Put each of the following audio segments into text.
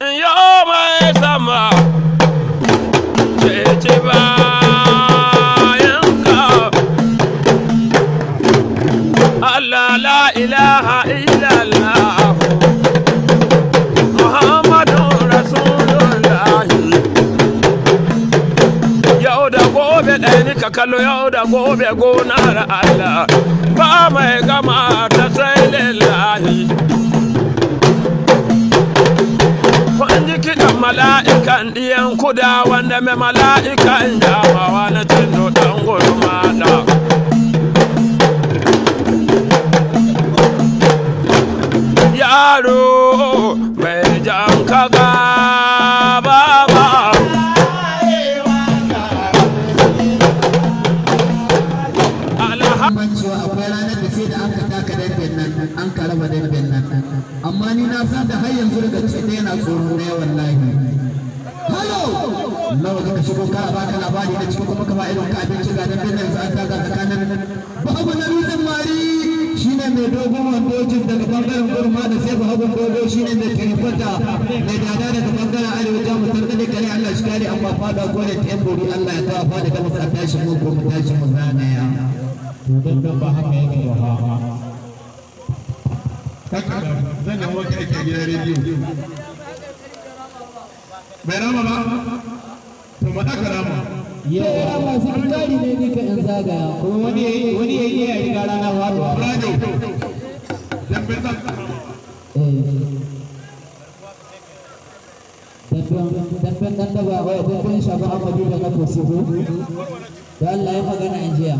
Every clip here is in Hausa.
Yau mai sama ce bayanka Allah la ilaha illallah Muhammadun Rasulullahi Yau da gobe ɗaya ni ka kallo yau da gobe gonar Allah ba mai gama ta sai lillahi mala'ikan ɗiyan kuda wanda mai mala'ikan jamawa na tindo ɗan gurmana yaro mai dada daga bangaren arewa jamus tarbi da kare allah shi kare amma fada gole ta yan bori allah ya kawo fada gama sa tashi mu ko mu tashi mu zanaya to ba haka yake ba ha zan yi waka ake gidan rediyo bai rama ba to ma aka rama yara masu kari ne duka in zagaya kuma wani ya yi ya riga rana wato radio dan bai zan dan dan da baba ya dan dan shaba amadi da kafin su ko da Allah ya magana in jiya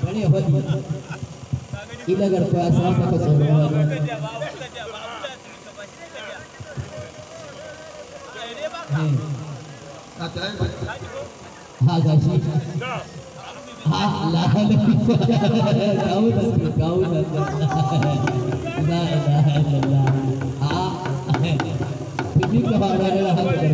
bari ya faɗi ila garfa ya sa maka tsoro wani ha gashi ha lahalin kawo da kawo da la ilaha illallah ha fikir ka ba da la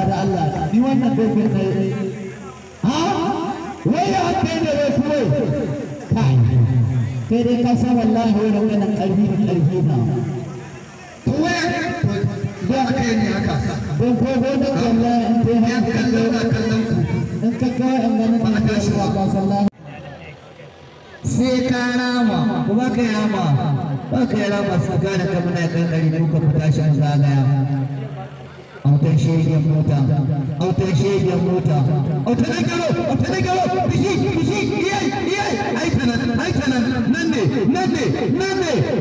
tsakana da Allah ni wannan dokin na yi ha wai ya ne wai kuwai kai dai ka san wallahi wannan karfi da karfi na kuwai ba ka yi haka don ko ko da wallahi in ka kallon in ka an ba ka shi wa sai ka rama kuma ka ba ka kamar ko ka fita shi an zagaya Ote shiri mota, d a ote shiri mota, d a ote ne g a l o ote ne g a l o bishi, bishi, iyai, iyai, ay kanan, ay kanan, n a n d i n a n d i n a n d i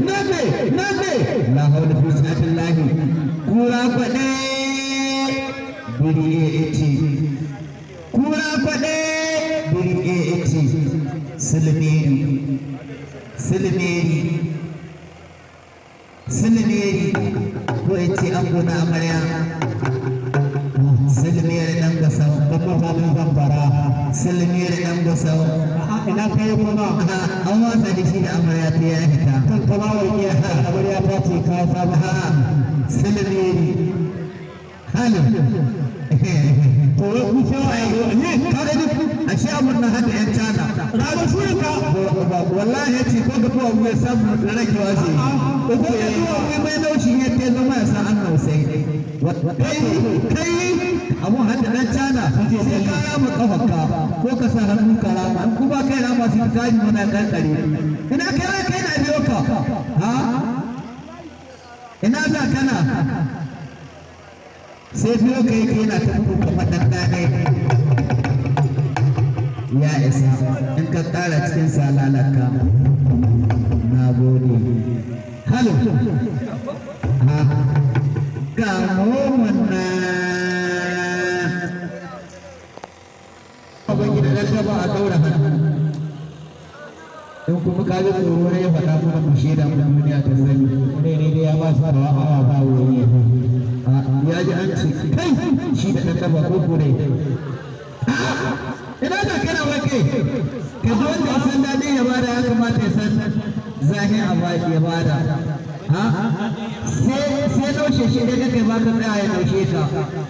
samun na hada yan cana rabu wallahi ko ga tuwa mai samun wace ko ko ya mai zama ya sa an nausai kai hada cana sai ka ko ka sa hannun yi ina kai kai na biyo ka ha ina za kana sai biyo kai kai na ta kuka ya isa in ka ƙara cikin salalaka na gode halo ga homon na abin a hannu kuma tsoro ne ya faɗa kuma ku shaida mu duniya ta sani ne dai ya ba su rawa awa ba wuri ya ji an ce kai shi da ɗan gaba ko kure zahi a baki ya bada sai daushe shi da kai ba ka tsaya ya daushe ka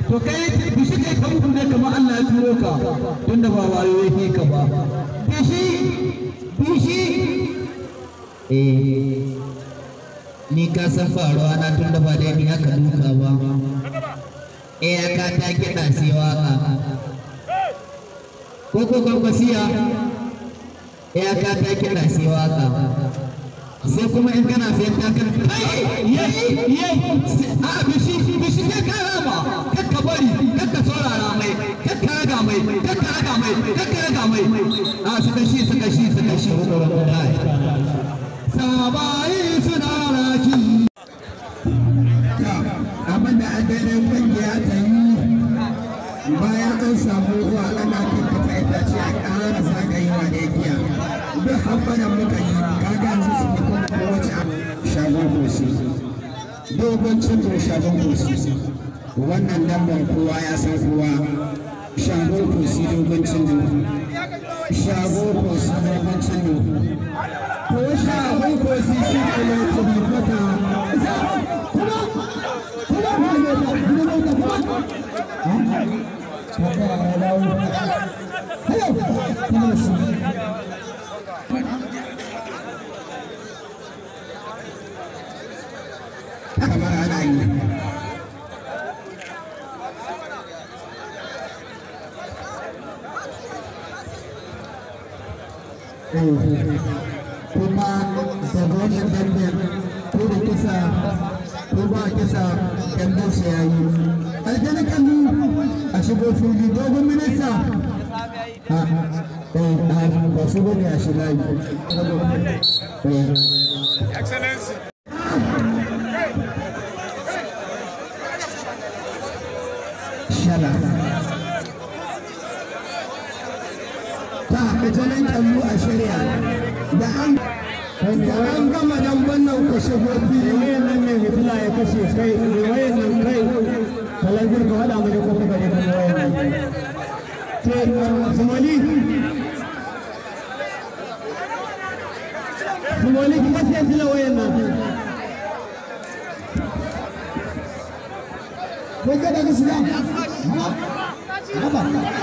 to kai bishi kai kan kunne ne kamar Allah ya turo ka Tunda da ba wayo ya fi ka ba bishi bishi eh ni ka san faruwa na tun da ba dai ni aka duka ba eh ka ta kiɗa sai waka ko ko kwakwasiya eh ka ta kiɗa sai waka sai kuma in kana sai ta kana kai yayi yayi a bishi bishi ne kakka bari kakka saurara mai kakka raga kakka raga kakka raga mai a suka shi suka shi suka shi sabai suna raki abin da a daidai bayan an samu ana kakkata a ƙara zagayewa da duk abbanan muka yi kaga yanzu su fi wannan lambar kowa ya san kowa shagon kosi dogon cinto shagon kosi dogon cinto ko shagon kosi shi ne lokacin kamar ana yi ko da kisa ko ba yayi aljana kallu fili dogon minista ba a shiga yi shalaf ta haɗu janin kallo a shirya da an da gama damban nan ku shigo nan ne fitila ya kashe kai wayan nan kai ka haɗa mu da kuma nan kuma sai fitila wayan nan gaskiya 我嘛。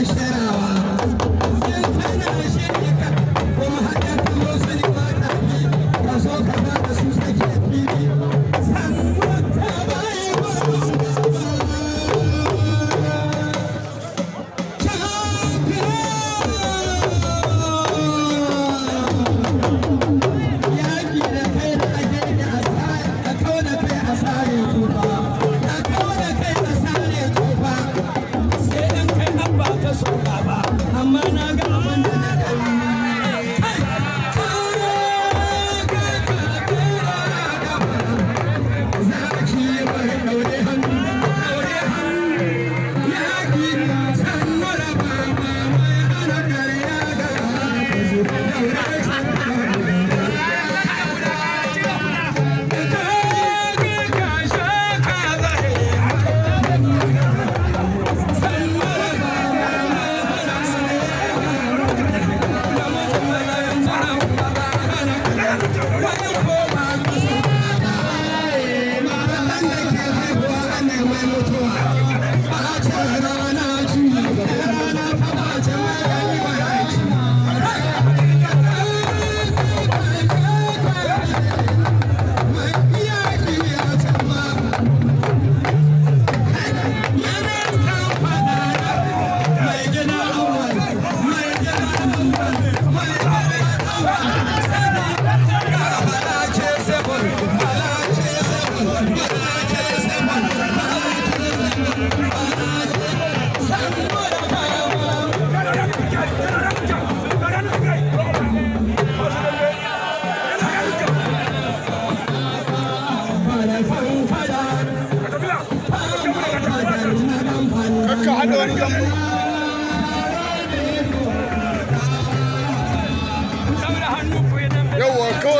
ateşlere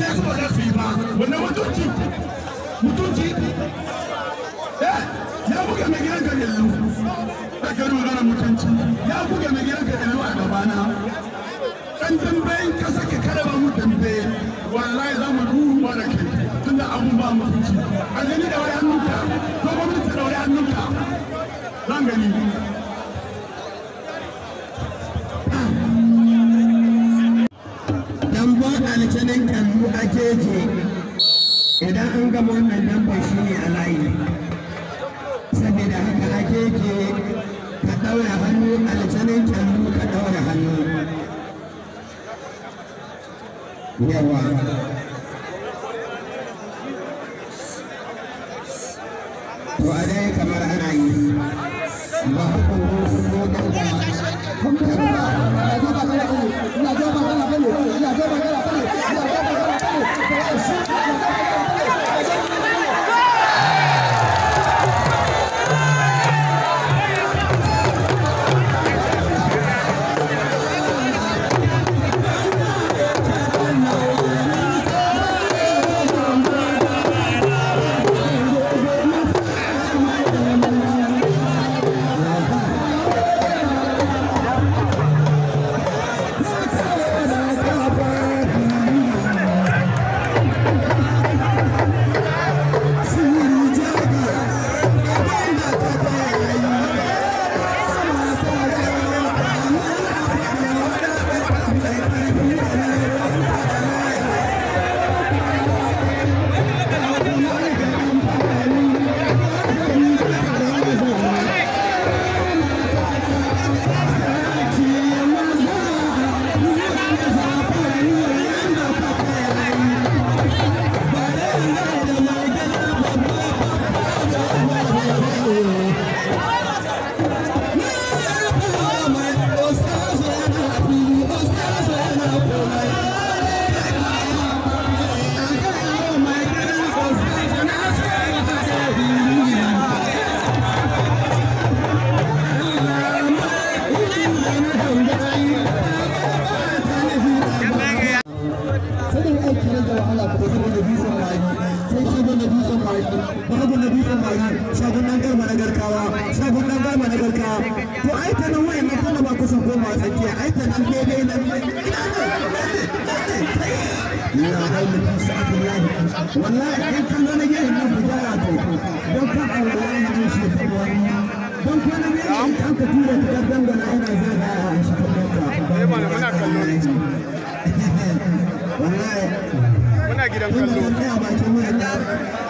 ne sama za su yi a wanne mutunci da ka magana a gabana dan tambayin karaba mu tambaye wallahi za mu da kai tunda abun ba mutunci aljani da wani an gama wannan lambar shi ne a layi saboda haka ake ke ka ɗaura hannu aljanin kyallu ka ɗaura hannu yawa babu na dutsen bayan nan na garkawa nan na garkawa to ai ta nan wayan nan goma a tsakiya ai ta nan ina nan ya haula fi wallahi in to don shi ta wani don ne in kan ka tura ta ina zai da shi ta wallahi muna gidan kallo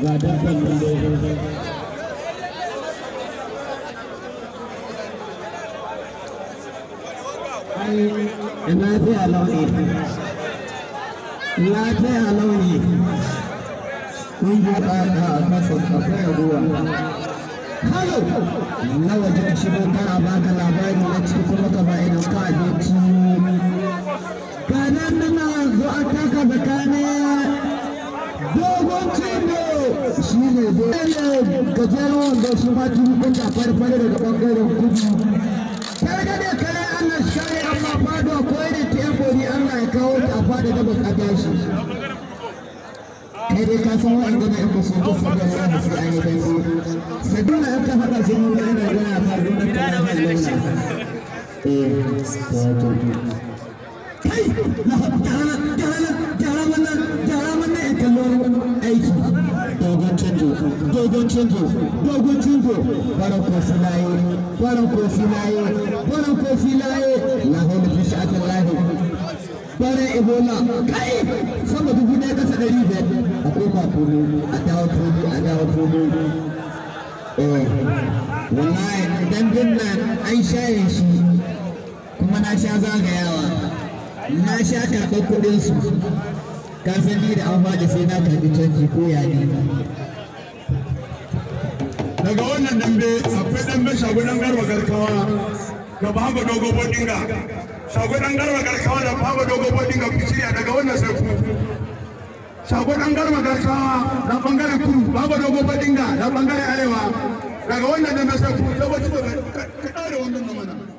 ga dukkan lambobi lafiya launi lafiya launi kun buɗa ka a kasan akwai ruwa halo na waje ka shigo kana baka labari na cikin kuma ka ba abinci shi ne gajeren wanda a ma tuni kun da farfare daga bangaren kudu targade kare allah shi kare amma fado ko yadda ta yan bori allah ya kawo ta a fada da baka tashi kai dai ka san wa'anda na yan basu ta sabar sa da su an yi dango sabina yan ka faɗa sun yi wani da gana ta don da eh, ta hana launa eh wato kai na haɗa ta hana dogon cinto dogon cinto faran kofi laye faran kofi laye faran kofi laye lahaula fi sha'atin lahi faran ebola kai sama dubu ɗaya kasa ɗari biyar a koma komo a dawo komo a dawo komo oh, wallahi dambin nan an shayin shi kuma na sha zagayawa na sha karɓar kuɗinsu ka sani da an da sai na karɓi canji ko yayi daga wannan dambe akwai dambe shago dan garba garkawa da babu dogo bodinga shago dan garba garkawa da babu dogo bodinga ku shirya daga wannan sai ku shago dan garba garkawa da bangaren kudu babu dogo bodinga da bangaren arewa daga wannan dambe sai ku dogo dogo ka daure wannan mana